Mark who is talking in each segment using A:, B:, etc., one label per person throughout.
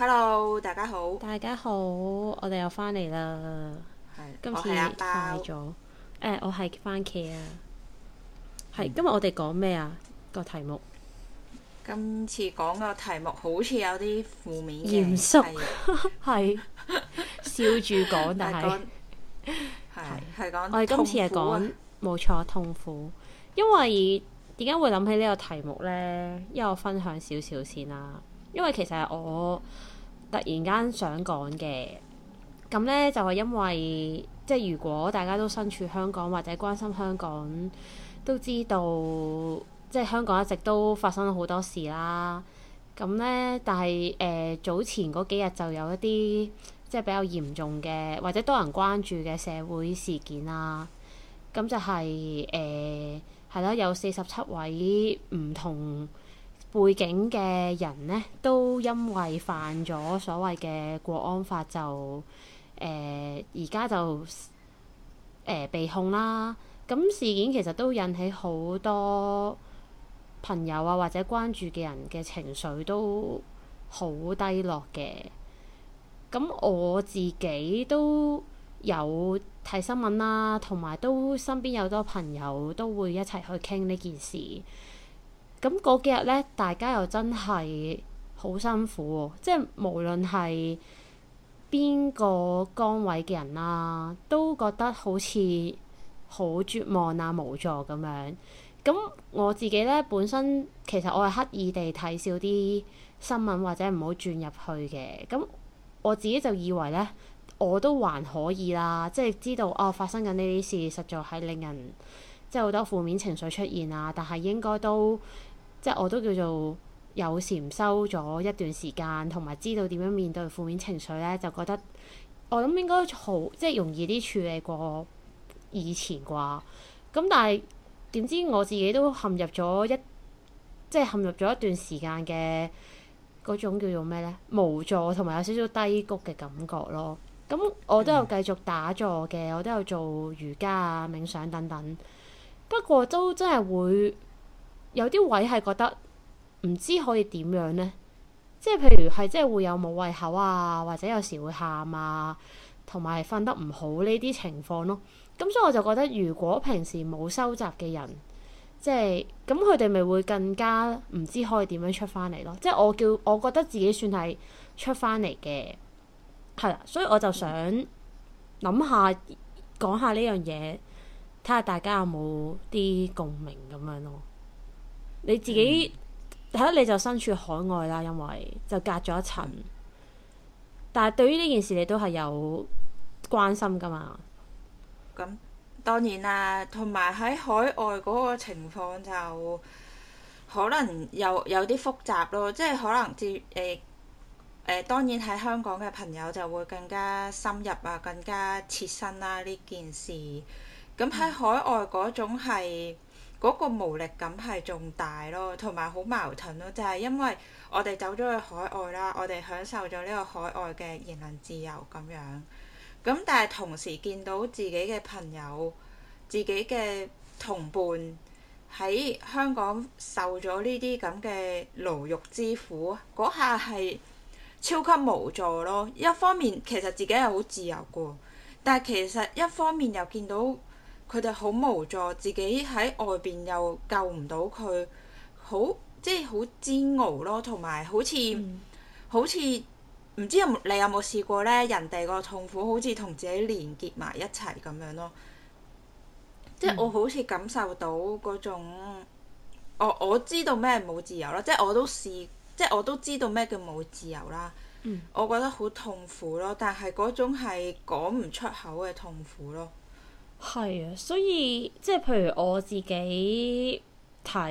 A: Hello，大家好。大家好，我哋又翻嚟啦。
B: 今次快咗，
A: 我係阿包。誒，我係番茄啊。係，今日我哋講咩啊？個題目。
B: 今次講個題目好似有啲負面嘅語氣。嚴肅，
A: 係笑住講，但係係係講，
B: 我哋今次係講
A: 冇錯，痛苦。因為點解會諗起呢個題目呢？因為我分享少少先啦。因為其實我突然間想講嘅，咁咧就係、是、因為即係如果大家都身處香港或者關心香港，都知道即係香港一直都發生咗好多事啦。咁咧，但係誒、呃、早前嗰幾日就有一啲即係比較嚴重嘅或者多人關注嘅社會事件啦。咁就係誒係啦，有四十七位唔同背景嘅人呢，都因為犯咗所謂嘅國安法，就誒而家就誒、呃、被控啦。咁事件其實都引起好多朋友啊或者關注嘅人嘅情緒都好低落嘅。咁我自己都有睇新聞啦，同埋都身邊有好多朋友都會一齊去傾呢件事。咁嗰幾日咧，大家又真係好辛苦喎、啊！即係無論係邊個崗位嘅人啦、啊，都覺得好似好絕望啊、無助咁樣。咁、嗯、我自己咧，本身其實我係刻意地睇少啲新聞或者唔好轉入去嘅。咁、嗯、我自己就以為咧，我都還可以啦，即係知道哦，發生緊呢啲事，實在係令人即係好多負面情緒出現啊！但係應該都～即係我都叫做有禪修咗一段時間，同埋知道點樣面對負面情緒咧，就覺得我諗應該好即係容易啲處理過以前啩。咁但係點知我自己都陷入咗一即係陷入咗一段時間嘅嗰種叫做咩咧，無助，同埋有少少低谷嘅感覺咯。咁我都有繼續打坐嘅，嗯、我都有做瑜伽啊、冥想等等。不過都真係會。有啲位係覺得唔知可以點樣呢？即係譬如係，即係會有冇胃口啊，或者有時會喊啊，同埋瞓得唔好呢啲情況咯。咁所以我就覺得，如果平時冇收集嘅人，即係咁，佢哋咪會更加唔知可以點樣出翻嚟咯。即係我叫，我覺得自己算係出翻嚟嘅係啦。所以我就想諗下講下呢樣嘢，睇下大家有冇啲共鳴咁樣咯。你自己睇下、嗯、你就身處海外啦，因為就隔咗一層，但係對於呢件事你都係有關心噶嘛。
B: 咁、嗯、當然啦，同埋喺海外嗰個情況就可能有有啲複雜咯，即係可能接誒誒，當然喺香港嘅朋友就會更加深入啊，更加切身啦、啊、呢件事。咁、嗯、喺、嗯、海外嗰種係。嗰個無力感係仲大咯，同埋好矛盾咯，就係因為我哋走咗去海外啦，我哋享受咗呢個海外嘅言論自由咁樣，咁但係同時見到自己嘅朋友、自己嘅同伴喺香港受咗呢啲咁嘅牢獄之苦，嗰下係超級無助咯。一方面其實自己係好自由嘅，但係其實一方面又見到。佢哋好無助，自己喺外邊又救唔到佢，好即係好煎熬咯，同埋好似、嗯、好似唔知你有冇試過咧？人哋個痛苦好似同自己連結埋一齊咁樣咯，即係我好似感受到嗰種，嗯、我我知道咩冇自由啦，即係我都試，即係我都知道咩叫冇自由啦，嗯、我覺得好痛苦咯，但係嗰種係講唔出口嘅痛苦咯。
A: 係啊，所以即係譬如我自己睇，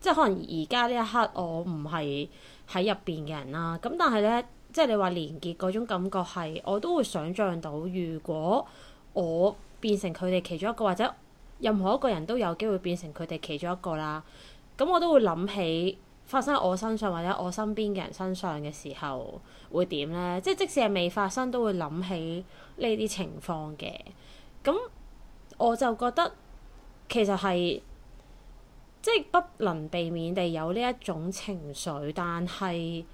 A: 即係可能而家呢一刻我唔係喺入面嘅人啦。咁但係咧，即係你話連結嗰種感覺係，我都會想象到，如果我變成佢哋其中一個，或者任何一個人都有機會變成佢哋其中一個啦。咁我都會諗起發生喺我身上或者我身邊嘅人身上嘅時候會點咧？即係即使係未發生，都會諗起呢啲情況嘅。咁我就覺得其實係即係不能避免地有呢一種情緒，但係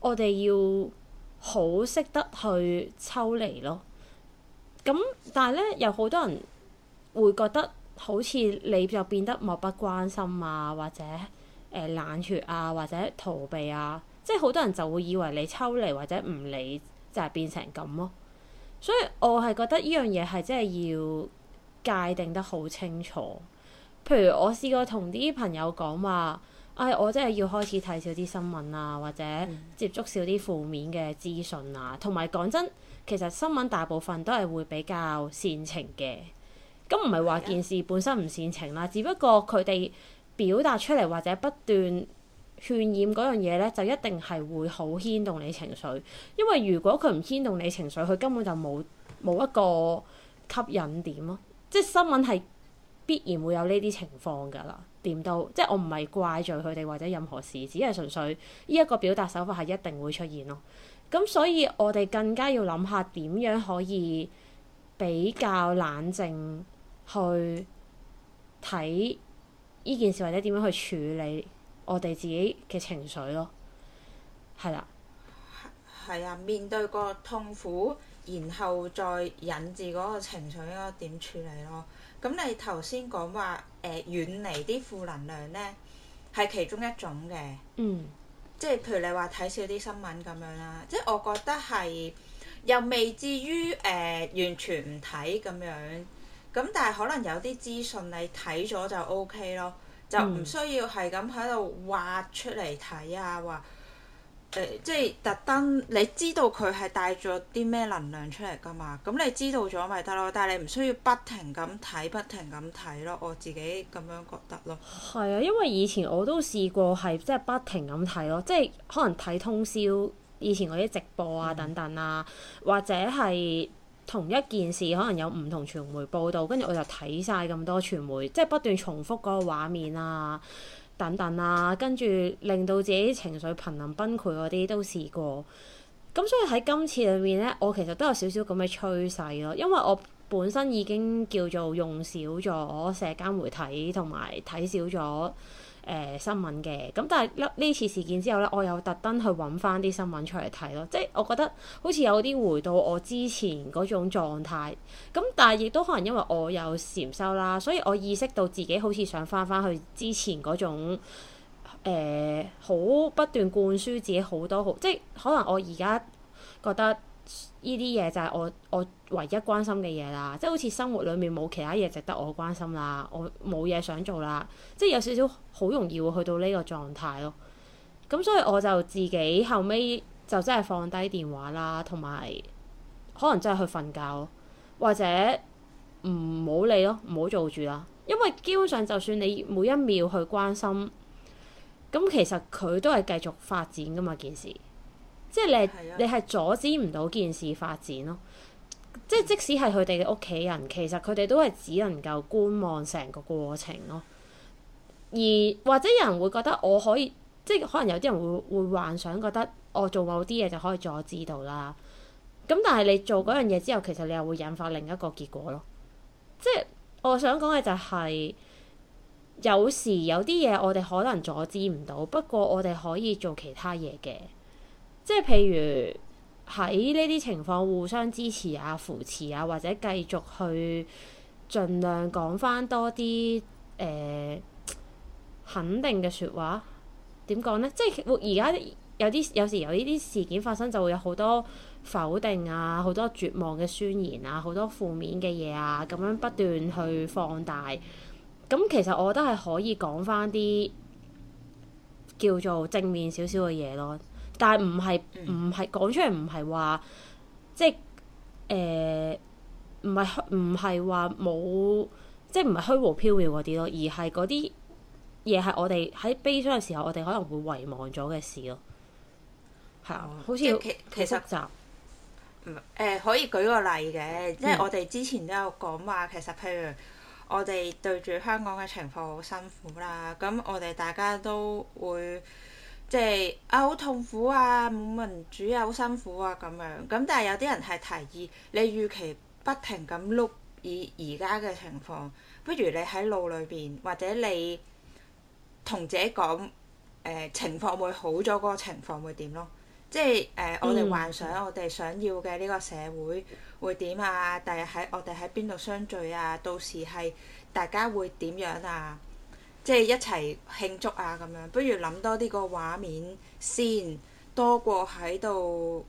A: 我哋要好識得去抽離咯。咁但係咧，有好多人會覺得好似你就變得漠不關心啊，或者誒、呃、冷血啊，或者逃避啊，即係好多人就會以為你抽離或者唔理就係、係、變成咁咯。所以我係覺得呢樣嘢係真係要。界定得好清楚，譬如我試過同啲朋友講話，唉，我真係要開始睇少啲新聞啊，或者接觸少啲負面嘅資訊啊。同埋講真，其實新聞大部分都係會比較煽情嘅。咁唔係話件事本身唔煽情啦，的只不過佢哋表達出嚟或者不斷渲染嗰樣嘢咧，就一定係會好牽動你情緒。因為如果佢唔牽動你情緒，佢根本就冇冇一個吸引點咯。即係新聞係必然會有呢啲情況㗎啦，點都，即係我唔係怪罪佢哋或者任何事，只係純粹呢一個表達手法係一定會出現咯。咁所以我哋更加要諗下點樣可以比較冷靜去睇呢件事，或者點樣去處理我哋自己嘅情緒咯。係啦、
B: 啊，係啊，面對個痛苦，然後再引致嗰個情緒，應該點處理咯？咁你頭先講話誒遠離啲負能量咧，係其中一種嘅。嗯。即係譬如你話睇少啲新聞咁樣啦，即係我覺得係又未至於誒、呃、完全唔睇咁樣。咁但係可能有啲資訊你睇咗就 OK 咯，
A: 就唔需
B: 要係咁喺度挖出嚟睇啊，話、嗯。呃、即係特登，你知道佢係帶咗啲咩能量出嚟㗎嘛？咁你知道咗咪得咯，但係你唔需要不停咁睇，不停咁睇咯。我自己咁樣覺得咯。
A: 係啊，因為以前我都試過係即係不停咁睇咯，即係可能睇通宵以前嗰啲直播啊等等啊，嗯、或者係同一件事可能有唔同傳媒報道，跟住我就睇晒咁多傳媒，即係不斷重複嗰個畫面啊。等等啦，啊，跟住令到自己情緒瀕臨崩潰嗰啲都試過，咁所以喺今次裏面呢，我其實都有少少咁嘅趨勢咯，因為我本身已經叫做用少咗社交媒體同埋睇少咗。誒、呃、新聞嘅，咁但係呢次事件之後咧，我又特登去揾翻啲新聞出嚟睇咯，即係我覺得好似有啲回到我之前嗰種狀態，咁但係亦都可能因為我有禪修啦，所以我意識到自己好似想翻翻去之前嗰種、呃、好不斷灌輸自己好多好，即係可能我而家覺得。呢啲嘢就係我我唯一關心嘅嘢啦，即係好似生活裏面冇其他嘢值得我關心啦，我冇嘢想做啦，即係有少少好容易會去到呢個狀態咯。咁所以我就自己後尾就真係放低電話啦，同埋可能真係去瞓覺或者唔好理咯，唔好做住啦。因為基本上就算你每一秒去關心，咁其實佢都係繼續發展噶嘛件事。即係你，你係阻止唔到件事發展咯。即係即使係佢哋嘅屋企人，其實佢哋都係只能夠觀望成個過程咯。而或者有人會覺得我可以，即係可能有啲人會會幻想覺得我做某啲嘢就可以阻止到啦。咁但係你做嗰樣嘢之後，其實你又會引發另一個結果咯。即係我想講嘅就係，有時有啲嘢我哋可能阻止唔到，不過我哋可以做其他嘢嘅。即係譬如喺呢啲情況互相支持啊、扶持啊，或者繼續去盡量講翻多啲誒、呃、肯定嘅説話。點講咧？即係而家有啲有時有呢啲事件發生，就會有好多否定啊、好多絕望嘅宣言啊、好多負面嘅嘢啊，咁樣不斷去放大。咁其實我都係可以講翻啲叫做正面少少嘅嘢咯。但係唔係唔係講出嚟唔係話，即係誒，唔係唔係話冇，即係唔係虛無飄渺嗰啲咯，而係嗰啲嘢係我哋喺悲傷嘅時候，我哋可能會遺忘咗嘅事咯。係
B: 好似其其實唔、呃、可以舉個例嘅，即係我哋之前都有講話，其實譬如我哋對住香港嘅情況好辛苦啦，咁我哋大家都會。即係、就是、啊，好痛苦啊，冇民主啊，好辛苦啊咁樣。咁但係有啲人係提議，你預期不停咁碌，以而家嘅情況，不如你喺腦裏邊或者你同自己講、呃，情況會好咗，嗰個情況會點咯？即係誒，我哋幻想我哋想要嘅呢個社會會點啊？第日喺我哋喺邊度相聚啊？到時係大家會點樣啊？即係一齊慶祝啊！咁樣不如諗多啲個畫面先，多過喺度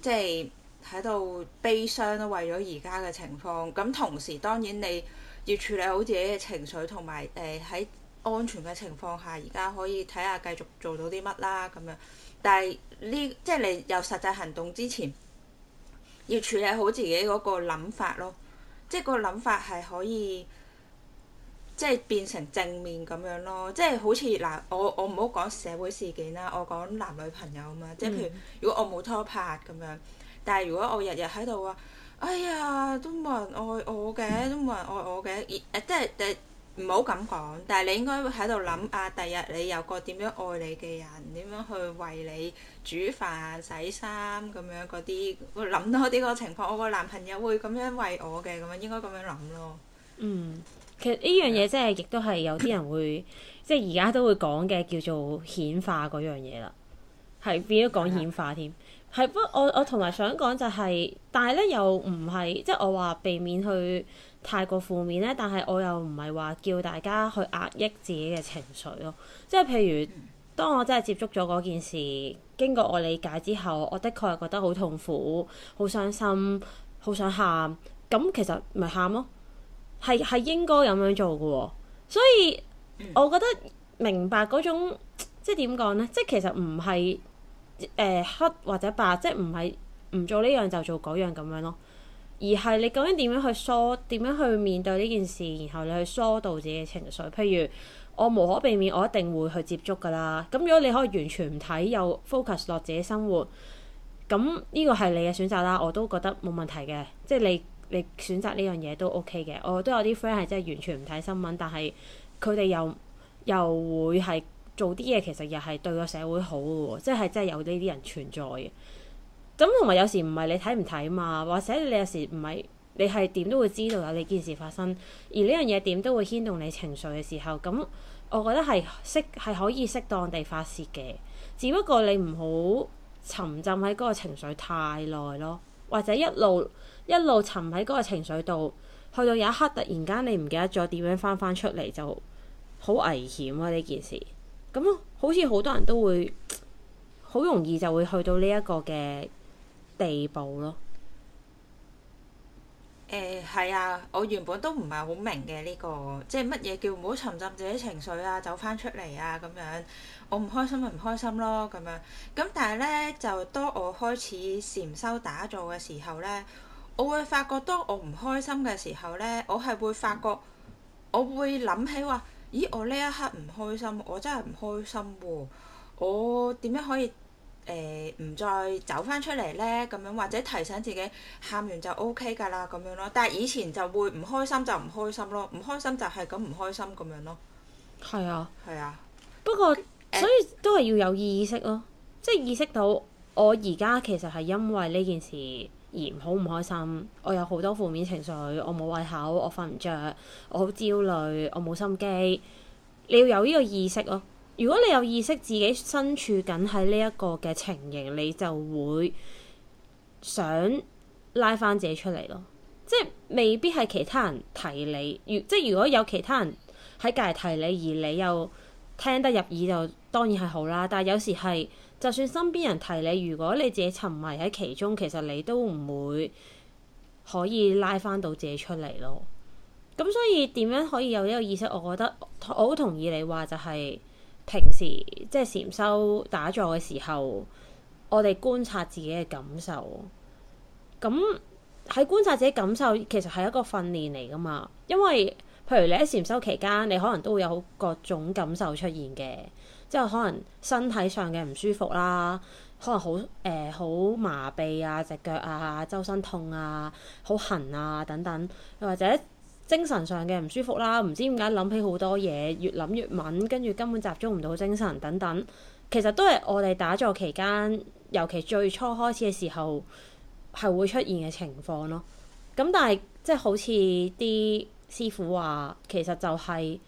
B: 即係喺度悲傷啦。為咗而家嘅情況，咁同時當然你要處理好自己嘅情緒，同埋誒喺安全嘅情況下，而家可以睇下繼續做到啲乜啦咁樣。但係呢，即係你有實際行動之前，要處理好自己嗰個諗法咯。即係個諗法係可以。即係變成正面咁樣咯，即係好似嗱，我我唔好講社會事件啦，我講男女朋友啊嘛，即係譬如如果我冇拖拍咁樣，但係如果我日日喺度話，哎呀，都冇人愛我嘅，都冇人愛我嘅，誒，即係誒，唔好咁講，但係你應該喺度諗啊，第日你有個點樣愛你嘅人，點樣去為你煮飯洗衫咁樣嗰啲，會諗多啲個情況，我個男朋友會咁樣為我嘅，咁樣應該咁樣諗咯。嗯。
A: 其實呢樣嘢真係亦都係有啲人會， 即係而家都會講嘅叫做顯化嗰樣嘢啦，係變咗講顯化添。係不過，我我同埋想講就係、是，但係咧又唔係即係我話避免去太過負面咧，但係我又唔係話叫大家去壓抑自己嘅情緒咯。即係譬如當我真係接觸咗嗰件事，經過我理解之後，我的確係覺得好痛苦、好傷心、好想喊，咁其實咪喊咯。係係應該咁樣做嘅，哦，所以我覺得明白嗰種即係點講呢？即係其實唔係誒黑或者白，即係唔係唔做呢樣就做嗰樣咁樣咯，而係你究竟點樣去疏，點樣去面對呢件事，然後你去疏導自己嘅情緒。譬如我無可避免，我一定會去接觸噶啦。咁如果你可以完全唔睇，有 focus 落自己生活，咁呢個係你嘅選擇啦。我都覺得冇問題嘅，即係你。你選擇呢樣嘢都 OK 嘅，我都有啲 friend 係真係完全唔睇新聞，但係佢哋又又會係做啲嘢，其實又係對個社會好嘅，即係真係有呢啲人存在嘅。咁同埋有時唔係你睇唔睇嘛，或者你有時唔係你係點都會知道有呢件事發生，而呢樣嘢點都會牽動你情緒嘅時候，咁我覺得係適係可以適當地發洩嘅，只不過你唔好沉浸喺嗰個情緒太耐咯，或者一路。一路沉喺嗰個情緒度，去到有一刻突然間你唔記得咗點樣返返出嚟，就好危險啊！呢件事咁，好似好多人都會好容易就會去到呢一個嘅地步咯。
B: 誒、欸，係啊，我原本都唔係好明嘅呢、這個，即係乜嘢叫唔好沉浸自己情緒啊，走返出嚟啊咁樣。我唔開心咪唔開心咯，咁樣。咁但係呢，就當我開始禪修打坐嘅時候呢。我會發覺，當我唔開心嘅時候呢，我係會發覺，我會諗起話：咦，我呢一刻唔開心，我真係係唔開心喎、哦！我點樣可以誒唔、呃、再走翻出嚟呢？咁樣或者提醒自己，喊完就 O K 噶啦，咁樣咯。但係以前就會唔開心就唔開心咯，唔開心就係咁唔開心咁樣咯。
A: 係啊，係啊。不過，呃、所以都係要有意識咯，即係意識到我而家其實係因為呢件事。而好唔開心，我有好多負面情緒，我冇胃口，我瞓唔著，我好焦慮，我冇心機。你要有呢個意識咯、啊。如果你有意識自己身處緊喺呢一個嘅情形，你就會想拉返自己出嚟咯。即係未必係其他人提你，如即係如果有其他人喺隔離提你，而你又聽得入耳，就當然係好啦。但係有時係。就算身邊人提你，如果你自己沉迷喺其中，其實你都唔會可以拉翻到自己出嚟咯。咁所以點樣可以有呢個意識？我覺得我好同意你話就係平時即係禪修打坐嘅時候，我哋觀察自己嘅感受。咁喺觀察自己感受，其實係一個訓練嚟噶嘛，因為。譬如你喺禪修期間，你可能都會有各種感受出現嘅，即係可能身體上嘅唔舒服啦，可能好誒好麻痹啊，隻腳啊，周身痛啊，好痕啊等等，又或者精神上嘅唔舒服啦，唔知點解諗起好多嘢，越諗越敏，跟住根本集中唔到精神等等，其實都係我哋打坐期間，尤其最初開始嘅時候係會出現嘅情況咯。咁但係即係好似啲。師傅話：其實就係、是、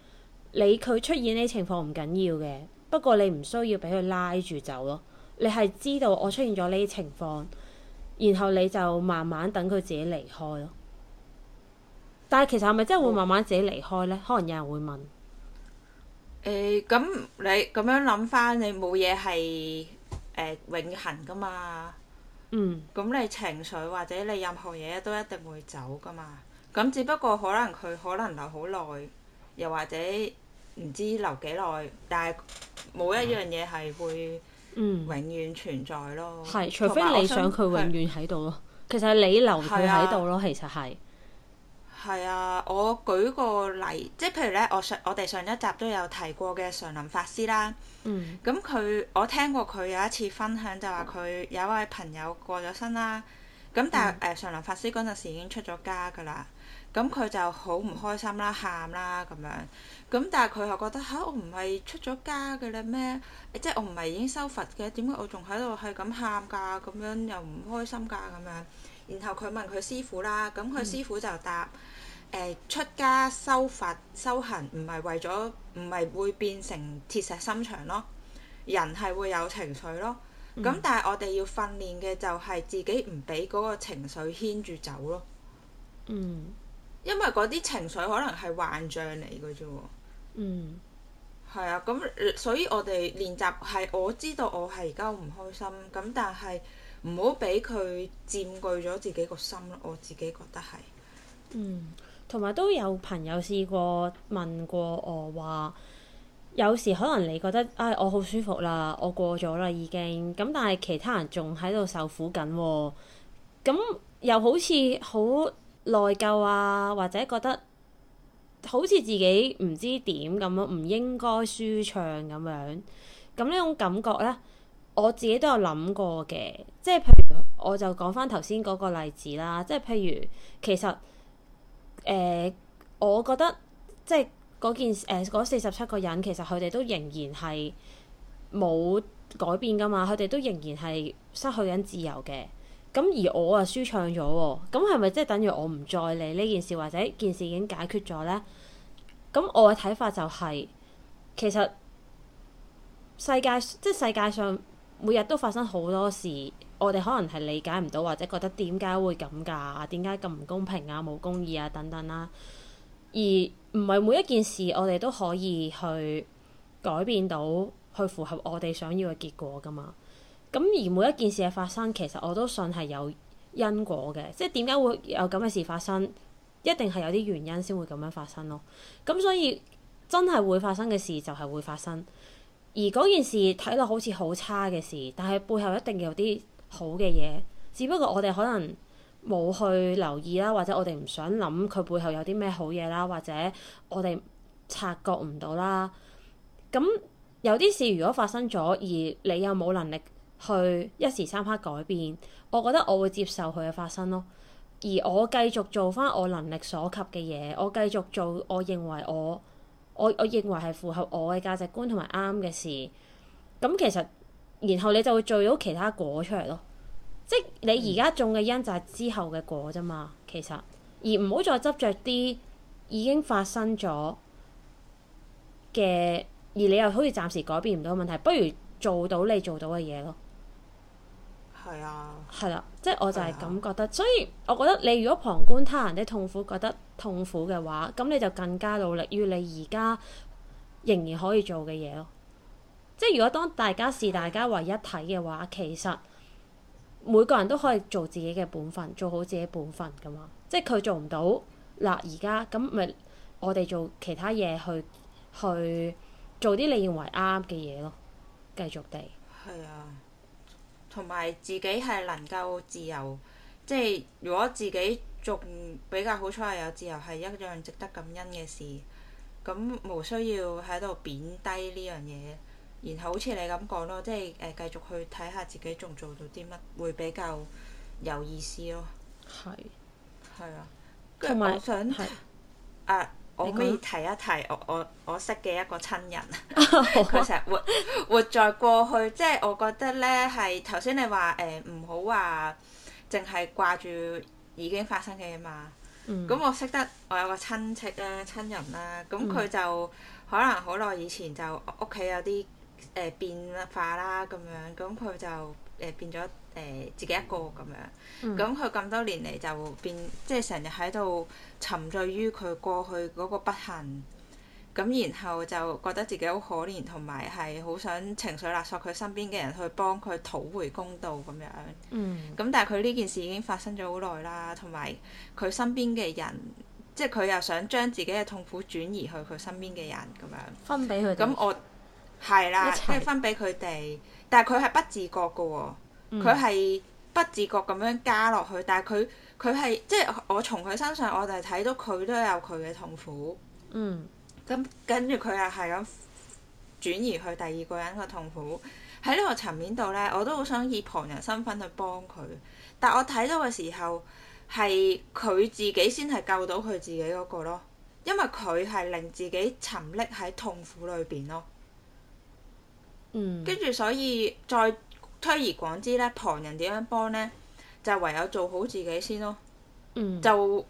A: 你佢出現呢啲情況唔緊要嘅，不過你唔需要俾佢拉住走咯。你係知道我出現咗呢啲情況，然後你就慢慢等佢自己離開咯。但係其實係咪真係會慢慢自己離開呢？哦、可能有人會問。
B: 咁、欸、你咁樣諗翻，你冇嘢係永恆噶嘛？咁、嗯、你情緒或者你任何嘢都一定會走噶嘛？咁只不過可能佢可能留好耐，又或者唔知留幾耐，但係冇一樣嘢係會永遠存在咯。係、嗯，除非你想佢永
A: 遠喺度咯。是其實你留佢喺度咯。啊、其實係
B: 係啊。我舉個例，即係譬如咧，我上我哋上一集都有提過嘅常林法師啦。嗯。咁佢我聽過佢有一次分享，就話佢有一位朋友過咗身啦。咁但係誒、嗯呃，常林法師嗰陣時已經出咗家㗎啦。咁佢就好唔開心啦，喊啦咁樣。咁但係佢又覺得嚇、 啊，我唔係出咗家嘅咧咩？即係我唔係已經修佛嘅，點解我仲喺度係咁喊㗎？咁樣又唔開心㗎咁樣。然後佢問佢師傅啦，咁佢師傅就答誒、嗯呃、出家修佛修行唔係為咗唔係會變成鐵石心腸咯，人係會有情緒咯。咁、嗯、但係我哋要訓練嘅就係自己唔俾嗰個情緒牽住走咯。嗯。因為嗰啲情緒可能係幻象嚟嘅啫喎。嗯，係啊，咁所以我哋練習係我知道我係而家唔開心，咁但係唔好俾佢佔據咗自己個心咯。我自己覺得係。嗯，
A: 同埋都有朋友試過問過我話，有時可能你覺得唉、哎，我好舒服啦，我過咗啦已經了了，咁但係其他人仲喺度受苦緊喎，咁又好似好內疚啊，或者覺得好似自己唔知點咁咯，唔應該舒暢咁樣。咁呢種感覺呢，我自己都有諗過嘅。即係譬如，我就講翻頭先嗰個例子啦。即係譬如，其實誒、呃，我覺得即係嗰件誒嗰四十七個人，其實佢哋都仍然係冇改變㗎嘛，佢哋都仍然係失去緊自由嘅。咁而我啊舒暢咗喎，咁係咪即係等於我唔再理呢件事，或者件事已經解決咗呢？咁我嘅睇法就係，其實世界即係世界上每日都發生好多事，我哋可能係理解唔到，或者覺得點解會咁㗎？點解咁唔公平啊、冇公義啊等等啦。而唔係每一件事我哋都可以去改變到，去符合我哋想要嘅結果㗎嘛。咁而每一件事嘅發生，其實我都信係有因果嘅，即係點解會有咁嘅事發生，一定係有啲原因先會咁樣發生咯。咁所以真係會發生嘅事就係會發生，而嗰件事睇落好似好差嘅事，但係背後一定要有啲好嘅嘢，只不過我哋可能冇去留意啦，或者我哋唔想諗佢背後有啲咩好嘢啦，或者我哋察覺唔到啦。咁有啲事如果發生咗，而你又冇能力，去一時三刻改變，我覺得我會接受佢嘅發生咯。而我繼續做翻我能力所及嘅嘢，我繼續做我我我，我認為我我我認為係符合我嘅價值觀同埋啱嘅事。咁其實，然後你就會做到其他果出嚟咯。即你而家種嘅因就係之後嘅果啫嘛。其實而唔好再執着啲已經發生咗嘅，而你又好似暫時改變唔到嘅問題，不如做到你做到嘅嘢咯。係啊，係啦，即係我就係咁覺得，的所以我覺得你如果旁觀他人的痛苦，覺得痛苦嘅話，咁你就更加努力於你而家仍然可以做嘅嘢咯。即係如果當大家視大家為一體嘅話，的其實每個人都可以做自己嘅本分，做好自己本分噶嘛。即係佢做唔到，嗱而家咁咪我哋做其他嘢去去做啲你認為啱嘅嘢咯，繼續地。係啊。
B: 同埋自己係能夠自由，即係如果自己仲比較好彩係有自由，係一樣值得感恩嘅事。咁無需要喺度貶低呢樣嘢，然後好似你咁講咯，即係誒、呃、繼續去睇下自己仲做到啲乜，會比較有意思咯。係是，係啊，
A: 同埋我
B: 想誒。是啊。你我可以提一提我我我識嘅一個親人，佢成日活活在過去，即係我覺得咧係頭先你話誒唔好話淨係掛住已經發生嘅嘛。咁、嗯、我識得我有個親戚啦、親人啦，咁佢就可能好耐以前就屋企有啲誒變化啦，咁樣咁佢就。誒、呃、變咗誒、呃、自己一個咁樣，咁佢咁多年嚟就變，即係成日喺度沉醉於佢過去嗰個不幸，咁然後就覺得自己好可憐，同埋係好想情緒勒索佢身邊嘅人去幫佢討回公道咁樣。嗯，咁但係佢呢件事已經發生咗好耐啦，同埋佢身邊嘅人，即係佢又想將自己嘅痛苦轉移去佢身邊嘅人咁樣分俾佢我。咁我係啦，即係分俾佢哋。但係佢係不自覺嘅喎、哦，佢係、嗯、不自覺咁樣加落去。但係佢佢係即係我從佢身上，我哋睇到佢都有佢嘅痛苦。
A: 嗯，
B: 咁跟住佢又係咁轉移去第二個人嘅痛苦。喺呢個層面度咧，我都好想以旁人身份去幫佢。但我睇到嘅時候，係佢自己先係救到佢自己嗰個咯，因為佢係令自己沉溺喺痛苦裏邊咯。跟住，嗯，所以再推而廣之咧，旁人點樣幫咧，就唯有做好自己先咯。嗯，就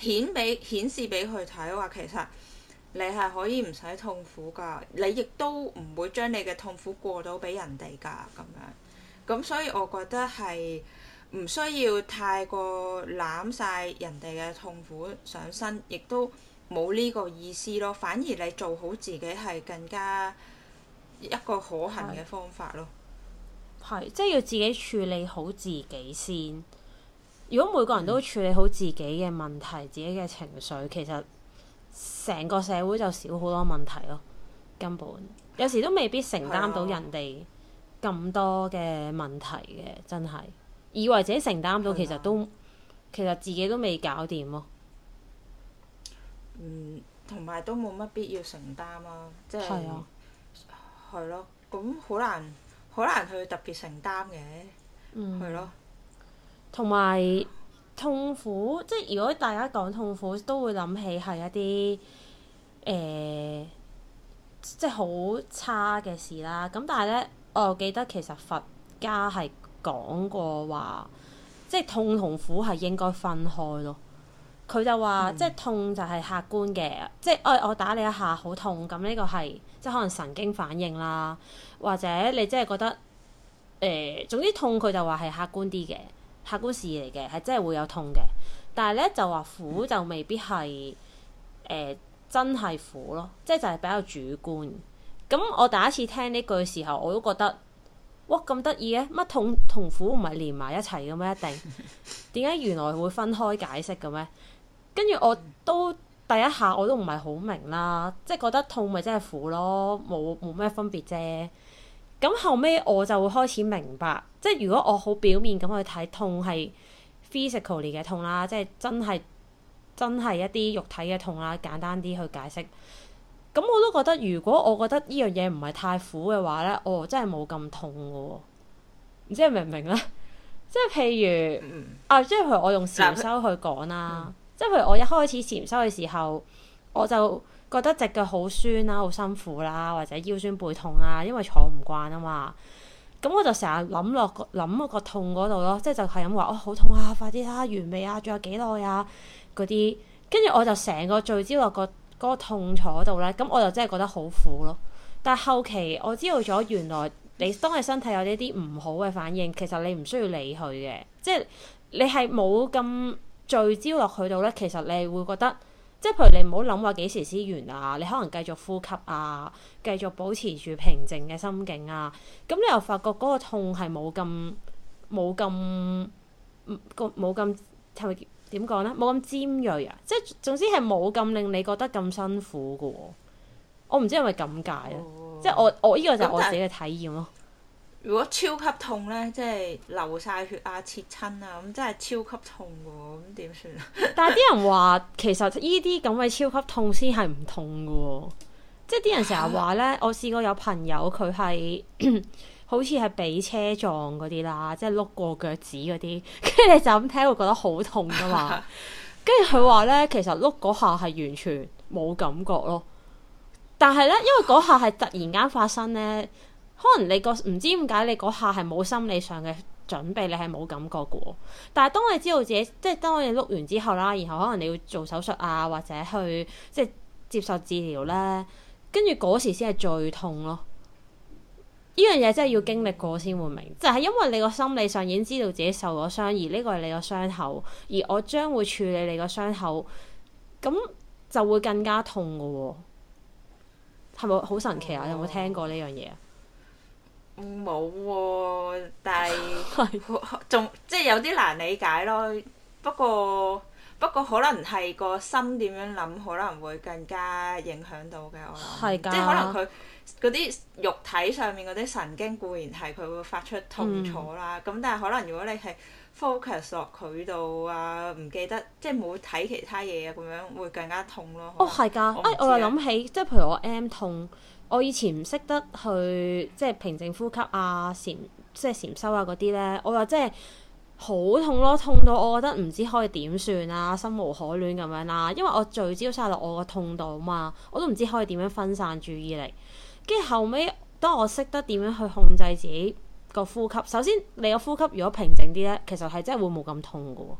B: 顯俾顯示俾佢睇，話其實你係可以唔使痛苦噶，你亦都唔會將你嘅痛苦過到俾人哋噶咁樣。咁所以我覺得係唔需要太過攬晒人哋嘅痛苦上身，亦都冇呢個意思咯。反而你做好自己係更加。一個可行
A: 嘅方法咯，係即係要自己處理好自己先。如果每個人都處理好自己嘅問題、嗯、自己嘅情緒，其實成個社會就少好多問題咯。根本有時都未必承擔到人哋咁多嘅問題嘅，啊、真係以為自己承擔到，啊、其實都其實自己都未搞掂咯。嗯，
B: 同埋都冇乜必要承擔啊！即、就、係、係啊。係咯，咁好難，好難去特別承擔嘅，
A: 係咯、嗯。同埋的痛苦，即係如果大家講痛苦，都會諗起係一啲誒、呃，即係好差嘅事啦。咁但係咧，我又記得其實佛家係講過話，即係痛同苦係應該分開咯。佢就話、嗯，即係痛就係客觀嘅，即係，哎，我打你一下好痛，咁呢個係即係可能神經反應啦，或者你即係覺得，誒、呃，總之痛佢就話係客觀啲嘅，客觀事嚟嘅，係真係會有痛嘅，但係咧就話苦就未必係，誒、呃，真係苦咯，即係就係比較主觀。咁我第一次聽呢句嘅時候，我都覺得，哇，咁得意嘅？乜痛同苦唔係連埋一齊嘅咩？一定，點解原來會分開解釋嘅咩？跟住我都第一下我都唔係好明啦，即係覺得痛咪真係苦咯，冇冇咩分別啫。咁後尾我就會開始明白，即係如果我好表面咁去睇痛係 physically 嘅痛啦，即係真係真係一啲肉體嘅痛啦，簡單啲去解釋。咁我都覺得，如果我覺得呢樣嘢唔係太苦嘅話咧，我、哦、真係冇咁痛噶。唔知明唔明咧？即係譬如、嗯、啊，即係譬如我用禪修去講啦。嗯即係譬如我一開始禪修嘅時候，我就覺得隻腳好酸啦、啊，好辛苦啦、啊，或者腰酸背痛啊，因為坐唔慣啊嘛。咁我就成日諗落諗個痛嗰度咯，即係就係咁話，我、哦、好痛啊，快啲啦、啊，完未啊，仲有幾耐啊？嗰啲，跟住我就成個聚焦落個、嗰個痛坐嗰度咧，咁我就真係覺得好苦咯。但係後期我知道咗，原來你當你身體有呢啲唔好嘅反應，其實你唔需要理佢嘅，即係你係冇咁。聚焦落去到咧，其實你會覺得，即係譬如你唔好諗話幾時先完啊，你可能繼續呼吸啊，繼續保持住平靜嘅心境啊，咁你又發覺嗰個痛係冇咁冇咁個冇咁係咪點講咧？冇咁尖鋭啊！即係總之係冇咁令你覺得咁辛苦㗎喎。我唔知係咪咁解啊，哦哦哦哦即係我我呢個就係我自己嘅體驗咯。
B: 如果超級痛咧，即係流晒血啊、切親啊，咁真係超級痛喎，咁點算啊？
A: 但係啲人話其實依啲咁嘅超級痛先係唔痛嘅，即係啲人成日話咧， 我試過有朋友佢係 好似係俾車撞嗰啲啦，即係碌過腳趾嗰啲，跟住你就咁聽會覺得好痛㗎嘛，跟住佢話咧，其實碌嗰下係完全冇感覺咯，但係咧，因為嗰下係突然間發生咧。可能你個唔知點解你嗰下係冇心理上嘅準備，你係冇感覺嘅喎。但係當你知道自己，即係當你碌完之後啦，然後可能你要做手術啊，或者去即係接受治療咧，跟住嗰時先係最痛咯。呢樣嘢真係要經歷過先會明，就係因為你個心理上已經知道自己受咗傷，而呢個係你個傷口，而我將會處理你個傷口，咁就會更加痛嘅喎。係咪好神奇啊？Oh. 有冇聽過呢樣嘢啊？
B: 冇、哦，但係仲 即係有啲難理解咯。不過不過可能係個心點樣諗，可能會更加影響到嘅。我諗，的即係可能佢嗰啲肉體上面嗰啲神經固然係佢會發出痛楚啦。咁、嗯、但係可能如果你係 focus 落佢度啊，唔記得即係冇睇其他嘢啊，咁樣會更加痛咯。哦，係噶，哎，我又諗
A: 起，即係譬如我 M 痛。我以前唔識得去即係平靜呼吸啊、禪即係禪修啊嗰啲咧，我又真係好痛咯、啊，痛到我覺得唔知可以點算啊，心無可戀咁樣啦、啊。因為我聚焦晒落我個痛度嘛，我都唔知可以點樣分散注意力。跟住後尾，當我識得點樣去控制自己個呼吸，首先你個呼吸如果平靜啲咧，其實係真係會冇咁痛嘅、啊。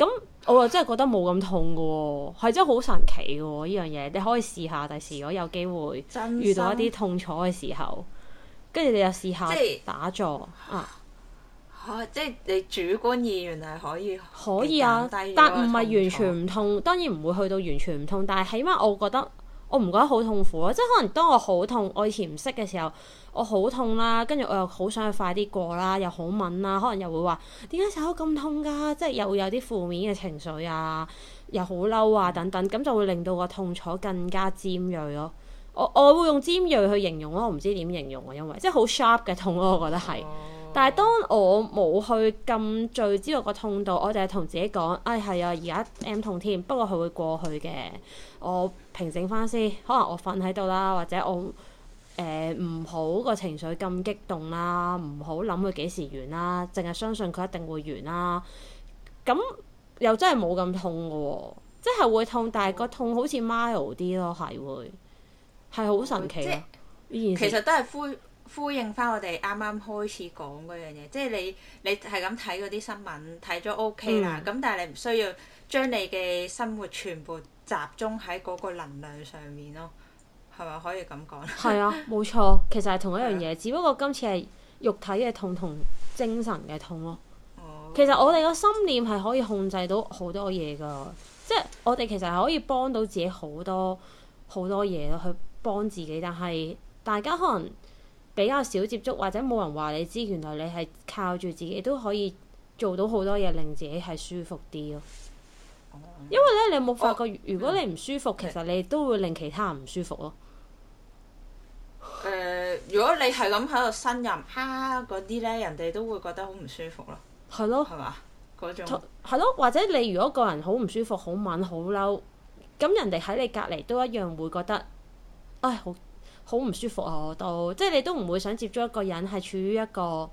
A: 咁我又真係覺得冇咁痛嘅喎、哦，係、啊、真係好神奇嘅喎呢樣嘢，你可以試下。第時如果有機會遇到一啲痛楚嘅時候，跟住你又試下打坐
B: 是啊！即係你主觀意願係可以
A: 可以啊，但唔係完全唔痛，當然唔會去到完全唔痛，但係起碼我覺得。我唔覺得好痛苦咯，即係可能當我好痛，我以前唔識嘅時候，我好痛啦，跟住我又好想去快啲過啦，又好敏啦，可能又會話點解手咁痛㗎？即係又有啲負面嘅情緒啊，又好嬲啊等等，咁就會令到個痛楚更加尖鋭咯啊。我我會用尖鋭去形容咯，我唔知點形容啊，因為即係好 sharp 嘅痛咯，我覺得係。但係當我冇去咁聚焦個痛度，我就係同自己講，哎係啊，而家 M 痛添，不過佢會過去嘅。我平靜翻先，可能我瞓喺度啦，或者我誒唔好個情緒咁激動啦，唔好諗佢幾時完啦，淨係相信佢一定會完啦。咁又真係冇咁痛嘅喎。哦，即係會痛，但係個痛好似 mild 啲咯，係會係好神奇啊！即件其實都
B: 係灰。呼應翻我哋啱啱開始講嗰樣嘢，即係你你係咁睇嗰啲新聞睇咗 OK 啦。咁、嗯、但係你唔需要將你嘅生活全部集中喺嗰個能量上面咯，係咪可以咁講？係啊，
A: 冇錯，其實係同一樣嘢、啊，只不過今次係肉體嘅痛同精神嘅痛咯。哦、其實我哋個心念係可以控制到好多嘢㗎，即係我哋其實係可以幫到自己好多好多嘢咯。去幫自己，但係大家可能。比較少接觸或者冇人話你知，原來你係靠住自己都可以做到好多嘢，令自己係舒服啲咯。因為咧，你有冇發覺，如果你唔舒服，哦、其實你都會令其他人唔舒服咯。誒、嗯呃，如
B: 果你係諗喺度呻吟啊嗰啲咧，人哋都會覺得好唔舒服
A: 咯。係咯。係嘛？嗰種。係咯，或者你如果個人好唔舒服、好悶、好嬲，咁人哋喺你隔籬都一樣會覺得，唉好。好唔舒服啊！我都，即係你都唔會想接觸一個人係處於一個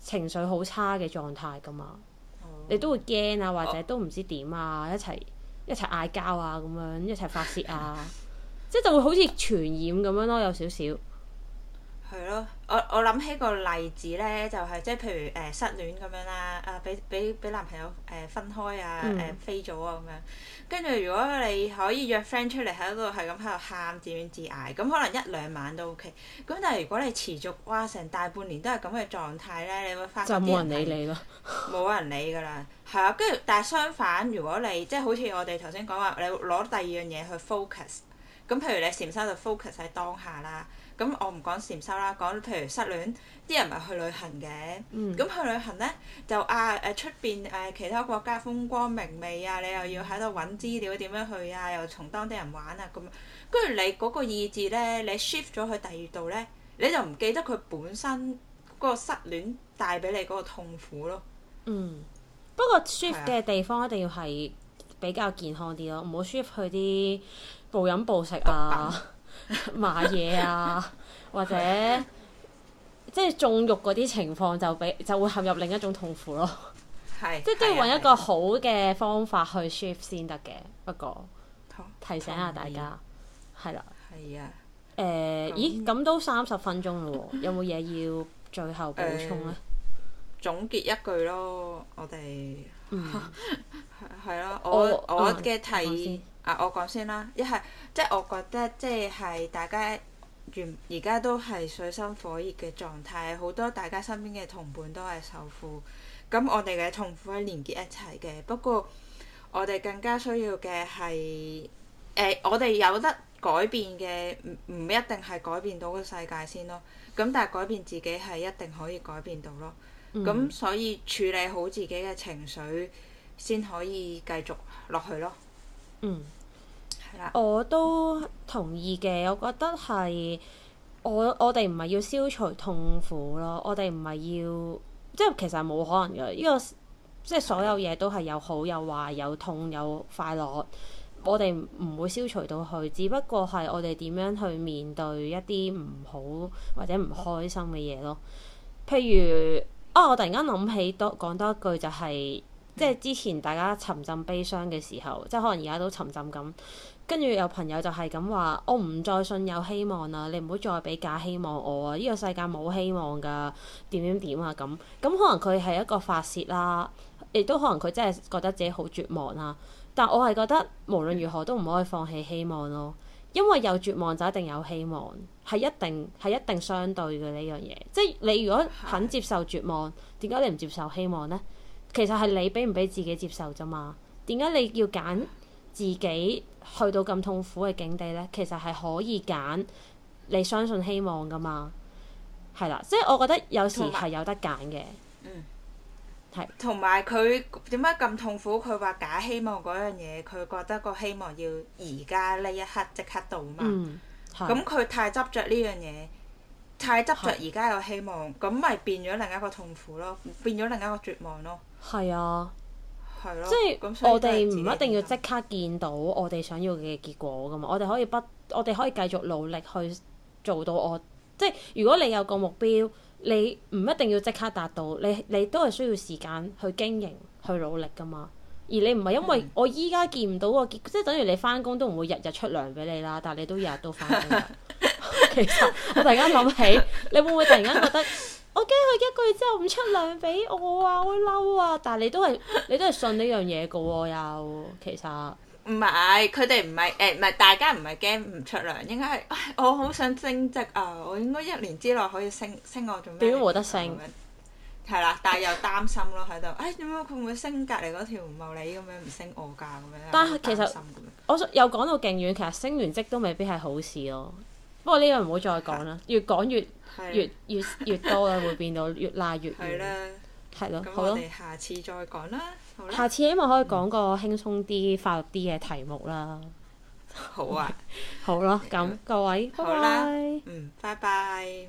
A: 情緒好差嘅狀態噶嘛，嗯、你都會驚啊，或者都唔知點啊，一齊一齊嗌交啊，咁樣一齊發泄啊，洩啊 即係就會好似傳染咁樣咯、啊，有少少。
B: 係咯，我我諗起個例子咧，就係、是、即係譬如誒、呃、失戀咁樣啦，啊俾俾俾男朋友誒、呃、分開啊，誒、嗯呃、飛咗啊咁樣。跟住如果你可以約 friend 出嚟喺度係咁喺度喊自怨自艾，咁可能一兩晚都 OK。咁但係如果你持續哇成大半年都係咁嘅狀態咧，你會發現就冇人理你咯，冇人，人理㗎啦。係啊， 跟住但係相反，如果你即係好似我哋頭先講話，你攞第二樣嘢去 focus。咁譬如你禪修就 focus 喺當下啦。咁我唔講禪修啦，講譬如失戀，啲人咪去旅行嘅。咁、嗯、去旅行咧，就啊誒出邊誒其他國家風光明媚啊，你又要喺度揾資料點樣去啊，又從當地人玩啊咁。跟住你嗰個意志咧，你 shift 咗去第二度咧，你就唔記得佢本身嗰個失戀帶俾你嗰個痛苦咯。嗯，不過 shift 嘅
A: 地方一定要係比較健康啲咯，唔好 shift 去啲，暴飲暴食啊，買嘢啊，或者即係縱欲嗰啲情況，就比就會陷入另一種痛苦咯。係，
B: 即係都要搵一個
A: 好嘅方法去 shift 先得嘅。不過提醒下大家，係啦。係啊。誒，咦？咁都三十分鐘啦喎，有冇嘢要最後補充咧？
B: 總結一句咯，我哋係係啦。我我嘅提。啊！我講先啦，一係即係我覺得，即係大家原而家都係水深火熱嘅狀態，好多大家身邊嘅同伴都係受苦。咁我哋嘅痛苦係連結一齊嘅。不過我哋更加需要嘅係誒，我哋有得改變嘅唔唔一定係改變到個世界先咯。咁但係改變自己係一定可以改變到咯。咁、嗯、所以處理好自己嘅情緒先可以繼續落去咯。嗯。
A: 我都同意嘅，我覺得係我我哋唔係要消除痛苦咯，我哋唔係要即係其實冇可能嘅，呢個即係所有嘢都係有好有壞，有痛有快樂，我哋唔會消除到去，只不過係我哋點樣去面對一啲唔好或者唔開心嘅嘢咯。譬如啊，我突然間諗起多講多一句就係，即係之前大家沉浸悲傷嘅時候，即係可能而家都沉浸咁。跟住有朋友就係咁話：我唔再信有希望啦，你唔好再俾假希望我啊！呢個世界冇希望㗎，點點點啊咁咁。可能佢係一個發泄啦，亦都可能佢真係覺得自己好絕望啦、啊。但我係覺得，無論如何都唔可以放棄希望咯，因為有絕望就一定有希望，係一定係一定相對嘅呢樣嘢。即係你如果肯接受絕望，點解你唔接受希望咧？其實係你俾唔俾自己接受咋嘛？點解你要揀自己？去到咁痛苦嘅境地呢，其實係可以揀你相信希望噶嘛，係啦，即係我覺得有時係有得揀嘅。嗯，
B: 同埋佢點解咁痛苦？佢話假希望嗰樣嘢，佢覺得個希望要而家呢一刻即刻到嘛。
A: 咁佢、
B: 嗯、太執着呢樣嘢，太執着而家有希望，咁咪的變咗另一個痛苦咯，變咗另一個絕望咯。
A: 係啊。
B: 即係我哋唔一定要即
A: 刻見到我哋想要嘅結果噶嘛，我哋可以不，我哋可以繼續努力去做到我。即係如果你有個目標，你唔一定要即刻達到，你你都係需要時間去經營、去努力噶嘛。而你唔係因為我依家見唔到個結，即係、嗯、等於你翻工都唔會日日出糧俾你啦，但係你都日日都翻工。 其實我突然間諗起， 你會唔會突然間覺得？我驚佢一個月之後唔出糧俾我啊！
B: 會嬲啊！但係你都係你都係信呢樣嘢嘅喎，又其實唔係佢哋唔係誒唔係大家唔係驚唔出糧，應該係、哎、我好想升職啊！我應該一年之內可以升升我做咩？點樣得升？係啦，但係又擔心咯喺度。誒點解佢會唔會升隔離嗰條茂利咁樣唔升我㗎咁樣？但係是其實
A: 我又講到勁遠，其實升完職都未必係好事咯。不過呢個唔好再講啦，的越講越～越越越多啦， 會變到越拉越遠。係啦了，係咯了，好咯。
B: 下次再講啦，下次
A: 希望可以講個輕鬆啲、快樂啲嘅題目啦。好啊， 好咯，咁各位，拜拜，嗯，
B: 拜拜。